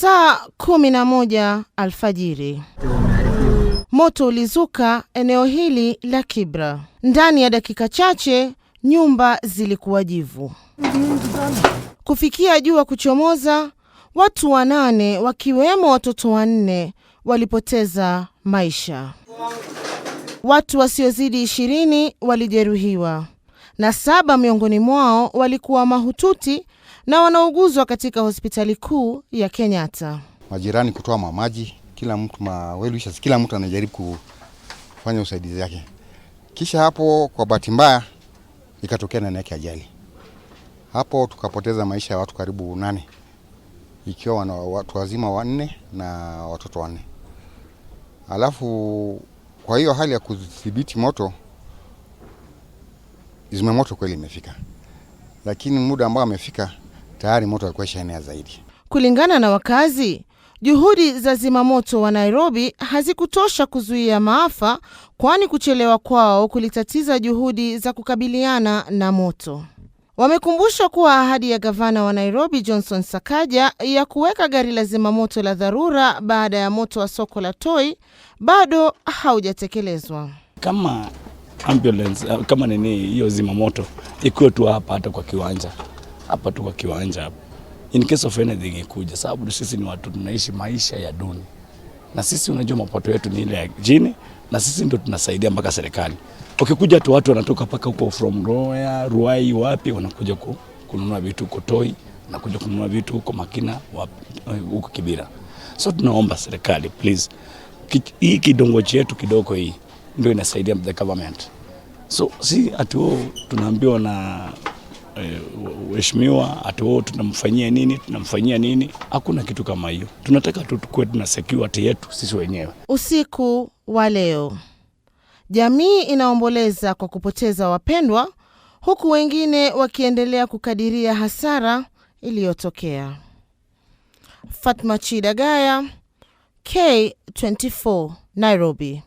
saa kumi na moja alfajiri moto ulizuka eneo hili la Kibra. Ndani ya dakika chache nyumba zilikuwa jivu. Kufikia jua kuchomoza, watu wanane wakiwemo watoto wanne walipoteza maisha. Watu wasiozidi ishirini walijeruhiwa na saba miongoni mwao walikuwa mahututi na wanauguzwa katika hospitali kuu ya Kenyatta. Majirani kutoa mamaji, kila mtu mawelisha, kila mtu anajaribu kufanya usaidizi yake. Kisha hapo kwa bahati mbaya ikatokea nani yake ajali, hapo tukapoteza maisha ya watu karibu nane, ikiwa wana watu wazima wanne na watoto wanne. Alafu kwa hiyo hali ya kudhibiti moto, zimamoto kweli imefika, lakini muda ambao amefika tayari moto alikuwa ishaenea zaidi. Kulingana na wakazi, juhudi za zimamoto wa Nairobi hazikutosha kuzuia maafa, kwani kuchelewa kwao kulitatiza juhudi za kukabiliana na moto. wamekumbushwa kuwa ahadi ya gavana wa Nairobi Johnson Sakaja ya kuweka gari la zimamoto la dharura baada ya moto wa soko la Toi bado haujatekelezwa. Kama ambulance, kama nini hiyo zimamoto ikiwe tu hapa hata kwa kiwanja hapa tu kwa kiwanja hapa, in case of anything ikuja, sababu sisi ni watu tunaishi maisha ya duni, na sisi unajua mapato yetu ni ile ya chini, na sisi ndio tunasaidia mpaka serikali. Ukikuja tu watu wanatoka paka huko from Roya, Ruai, wapi wanakuja ku, kununua vitu huko Toi, wanakuja kununua vitu huko Makina, wapi eh, huko Kibira. So tunaomba serikali please, hii kidongo chetu kidogo hii ndio inasaidia the government. So si atuo tunaambiwa na uheshimiwa eh, ati wao tunamfanyia nini, tunamfanyia nini? Hakuna kitu kama hiyo. Tunataka tu tukuwe tuna security yetu sisi wenyewe. Usiku wa leo jamii inaomboleza kwa kupoteza wapendwa, huku wengine wakiendelea kukadiria hasara iliyotokea. Fatma Chidagaya, K24, Nairobi.